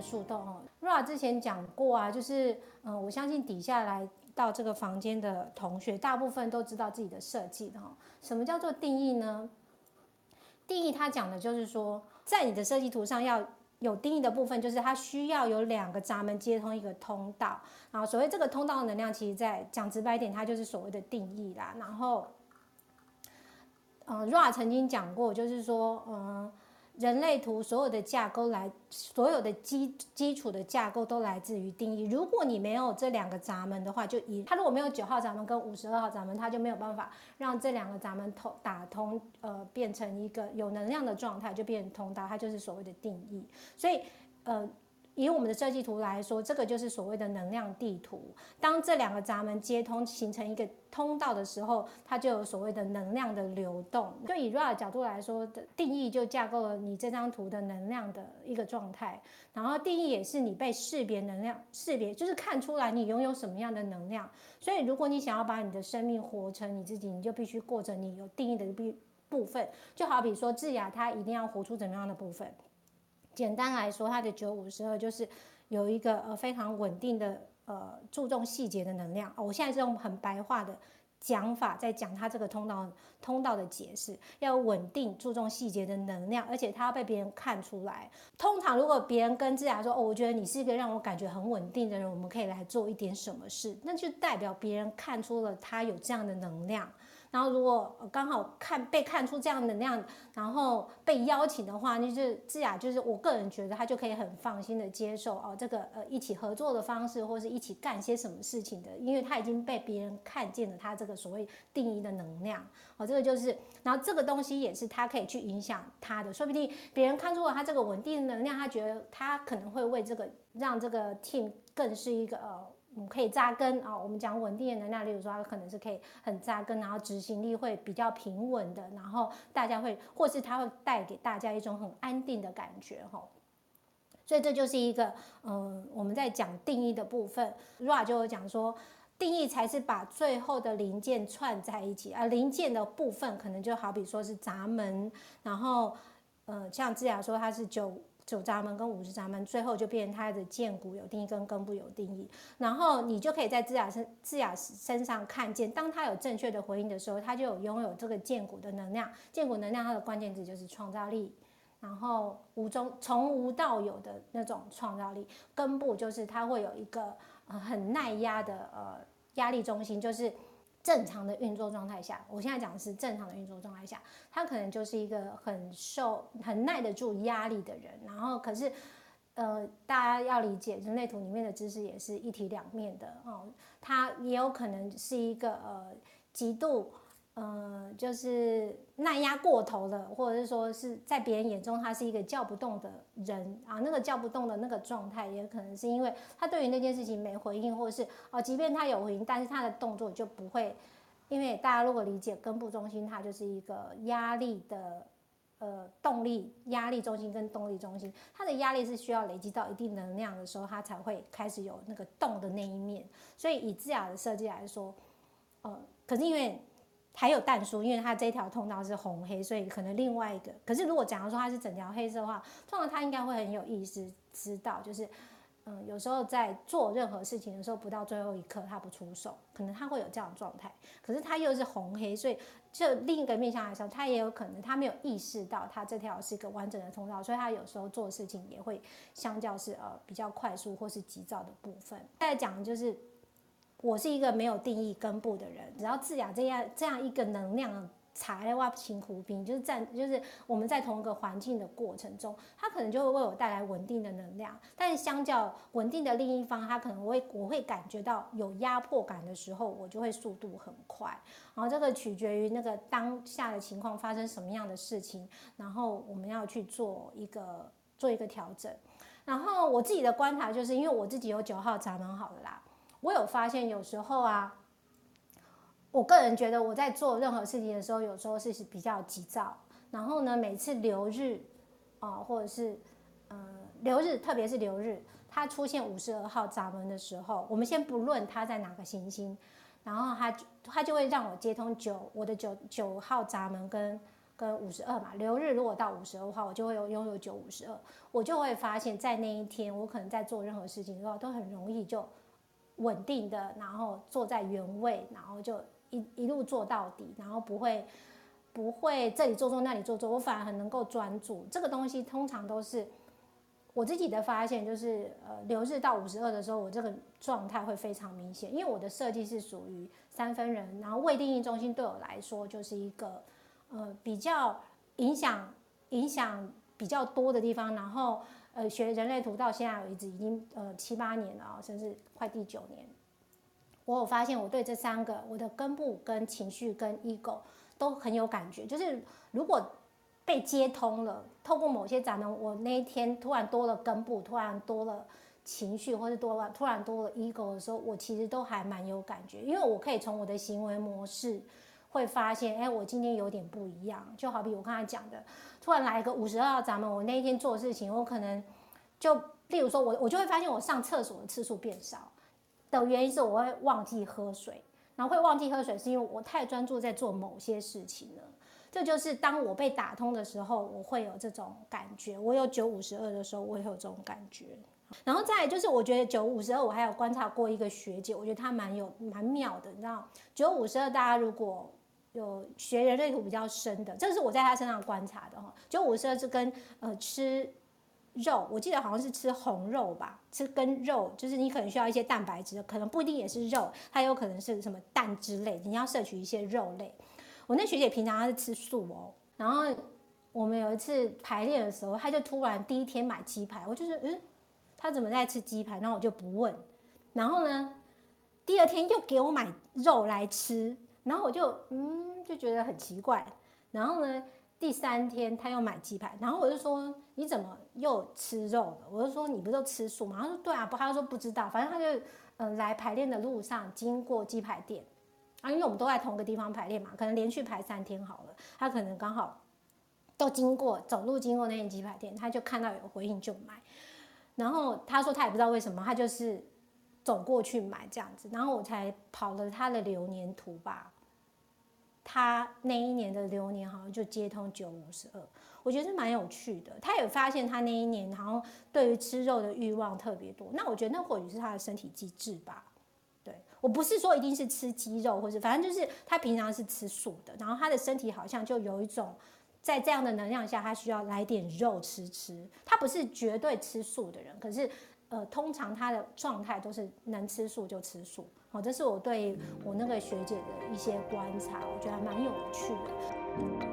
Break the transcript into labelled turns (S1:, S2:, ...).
S1: 樹洞哈，Ra 之前講過啊，就是嗯，我相信底下來到這個房間的同學，大部分都知道自己的設計的。什麼叫做定義呢？定義它講的就是說，在你的設計圖上要有定義的部分，就是它需要有兩個閘門接通一個通道，然後所謂這個通道的能量，其實在講直白一點，它就是所謂的定義啦。然後，嗯，Ra 曾經講過，就是說，嗯。人類圖所有的架構來，所有的基基礎的架構都來自於定義。如果你沒有這兩個閘門的話，就以它如果沒有九號閘門跟五十二號閘門，它就沒有辦法讓這兩個閘門通打通，呃，變成一個有能量的狀態，就變成通道，它就是所謂的定義。所以，呃。以我們的設計圖來說，這個就是所謂的能量地圖。當這兩個閘門接通，形成一個通道的時候，它就有所謂的能量的流動。就以 Ra 的角度來說的定義，就架構了你這張圖的能量的一個狀態。然後定義也是你被識別能量識別，就是看出來你擁有什麼樣的能量。所以，如果你想要把你的生命活成你自己，你就必須過着你有定義的部部分。就好比說智雅，她一定要活出怎麼樣的部分。簡單來說，他的九五十二就是有一個呃非常穩定的呃注重細節的能量。哦，我現在是用很白話的講法在講他這個通道通道的解釋，要穩定、注重細節的能量，而且他要被別人看出來。通常如果別人跟自己來說：“哦，我覺得你是一個讓我感覺很穩定的人，我們可以來做一點什麼事。”那就代表別人看出了他有這樣的能量。然後如果剛好看被看出這樣的能量，然後被邀請的話，那就智雅就是我個人覺得他就可以很放心的接受哦，這個呃一起合作的方式，或是一起幹些什麼事情的，因為他已經被別人看見了他這個所謂定義的能量，哦，這個就是，然後這個東西也是他可以去影響他的，說不定別人看出了他這個穩定的能量，他覺得他可能會為這個讓這個 team 更是一個呃。我們、嗯、可以扎根啊、哦！我們講穩定的能量，例如說，他可能是可以很扎根，然後執行力會比較平穩的，然後大家會，或是他會帶給大家一種很安定的感覺哈、哦。所以這就是一個，嗯，我們在講定義的部分，Ra 就有講說，定義才是把最後的零件串在一起而、呃、零件的部分可能就好比說是閘門，然後，呃、嗯，像智雅說它是九。九閘門跟五十二閘門，最後就變成它的薦骨有定義跟根部有定義，然後你就可以在智雅身智雅身上看見，當它有正確的回應的時候，它就有擁有這個薦骨的能量。薦骨能量它的關鍵字就是創造力，然後無中從無到有的那種創造力。根部就是它會有一個、呃、很耐壓的呃壓力中心，就是。正常的運作狀態下，我現在講的是正常的運作狀態下，他可能就是一個很受、很耐得住壓力的人。然後，可是，呃，大家要理解，人類圖裡面的知識也是一體兩面的哦。他也有可能是一個呃，極度。呃，就是耐壓過頭了，或者是說是在別人眼中他是一個叫不動的人啊，那個叫不動的那個狀態，也可能是因為他對於那件事情沒回應，或者是哦、呃，即便他有回應，但是他的動作就不會。因為大家如果理解根部中心，它就是一個壓力的呃動力壓力中心跟動力中心，它的壓力是需要累積到一定能量的時候，它才會開始有那個動的那一面。所以以智雅的設計來說，呃，可是因為。還有淡叔，因為他這條通道是紅黑，所以可能另外一個。可是如果講到說他是整條黑色的話，通常他應該會很有意思知道，就是嗯，有時候在做任何事情的時候，不到最後一刻他不出手，可能他會有這樣的狀態。可是他又是紅黑，所以就另一個面向來說，他也有可能他沒有意識到他這條是一個完整的通道，所以他有時候做事情也會相較是呃比較快速或是急躁的部分。再來講的就是。我是一個沒有定義根部的人，只要治雅這樣這樣一個能量才華清湖冰，就是在，就是我們在同一個環境的過程中，他可能就會為我帶來穩定的能量，但是相較穩定的另一方，他可能我會我會感覺到有壓迫感的時候，我就會速度很快，然後這個取決於那個當下的情況發生什麼樣的事情，然後我們要去做一個做一個調整，然後我自己的觀察就是因為我自己有九號閘門好了啦。我有發現，有時候啊，我個人覺得我在做任何事情的時候，有時候是比較急躁。然後呢，每次流日，啊、呃，或者是嗯，呃、流日，特別是流日，它出現五十二號閘門的時候，我們先不論它在哪個行星，然後它它就會讓我接通九，我的九九號閘門跟跟五十二嘛。流日如果到五十二號，我就會擁有九五十二，我就會發現，在那一天，我可能在做任何事情的時候，都很容易就。穩定的，然後坐在原位，然後就一一路坐到底，然後不會不會這裡坐坐那裡坐坐，我反而很能夠專注。這個東西通常都是我自己的發現，就是呃，流日到五十二的時候，我這個狀態會非常明顯，因為我的設計是屬於三分人，然後未定義中心對我來說就是一個呃比較影響影響比較多的地方，然後。呃，學人類圖到現在為止已經呃七八年了啊，甚至快第九年。我有發現我對這三個我的根部、跟情緒、跟 ego 都很有感覺。就是如果被接通了，透過某些展覽，我那一天突然多了根部，突然多了情緒，或是多了突然多了 ego 的時候，我其實都還蠻有感覺，因為我可以從我的行為模式。會發現，哎，欸，我今天有點不一樣，就好比我剛才講的，突然來一個五十二的閘門，咱們我那一天做事情，我可能就例如說，我我就會發現我上廁所的次數變少的原因是，我會忘記喝水，然後會忘記喝水是因為我太專注在做某些事情了。這就，就是當我被打通的時候，我會有這種感覺。我有九五十二的時候，我會有這種感覺。然後再來就是，我覺得九五十二，我還有觀察過一個學姐，我覺得她蠻有蠻妙的，你知道，九五十二，大家如果。有學人類圖比較深的，這是我在他身上觀察的哈。就我說是跟呃吃肉，我記得好像是吃紅肉吧，吃跟肉，就是你可能需要一些蛋白質，可能不一定也是肉，還有可能是什麼蛋之類，你要攝取一些肉類。我那學姐平常她是吃素哦，然後我們有一次排練的時候，她就突然第一天買雞排，我就說嗯，她怎麼在吃雞排？然後我就不問，然後呢，第二天又給我買肉來吃。然後我就嗯，就覺得很奇怪。然後呢，第三天他又買雞排，然後我就說：“你怎麼又吃肉了？”我就說：“你不是都吃素嗎？”他說：“對啊，不。”他說：“不知道，反正他就嗯，來排練的路上經過雞排店啊，因為我們都在同個地方排練嘛，可能連續排三天好了，他可能剛好都經過，走路經過那間雞排店，他就看到有回應就買。然後他說他也不知道為什麼，他就是。”走過去買這樣子，然後我才跑了他的流年圖吧。他那一年的流年好像就接通9-52，我覺得是蠻有趣的。他也發現他那一年，好像對於吃肉的慾望特別多。那我覺得那或許是他的身體機制吧。對，我不是說一定是吃雞肉，或是反正就是他平常是吃素的，然後他的身體好像就有一種在這樣的能量下，他需要來點肉吃吃。他不是絕對吃素的人，可是。呃，通常他的狀態都是能吃素就吃素，好，這是我對我那個學姐的一些觀察，我覺得還蠻有趣的。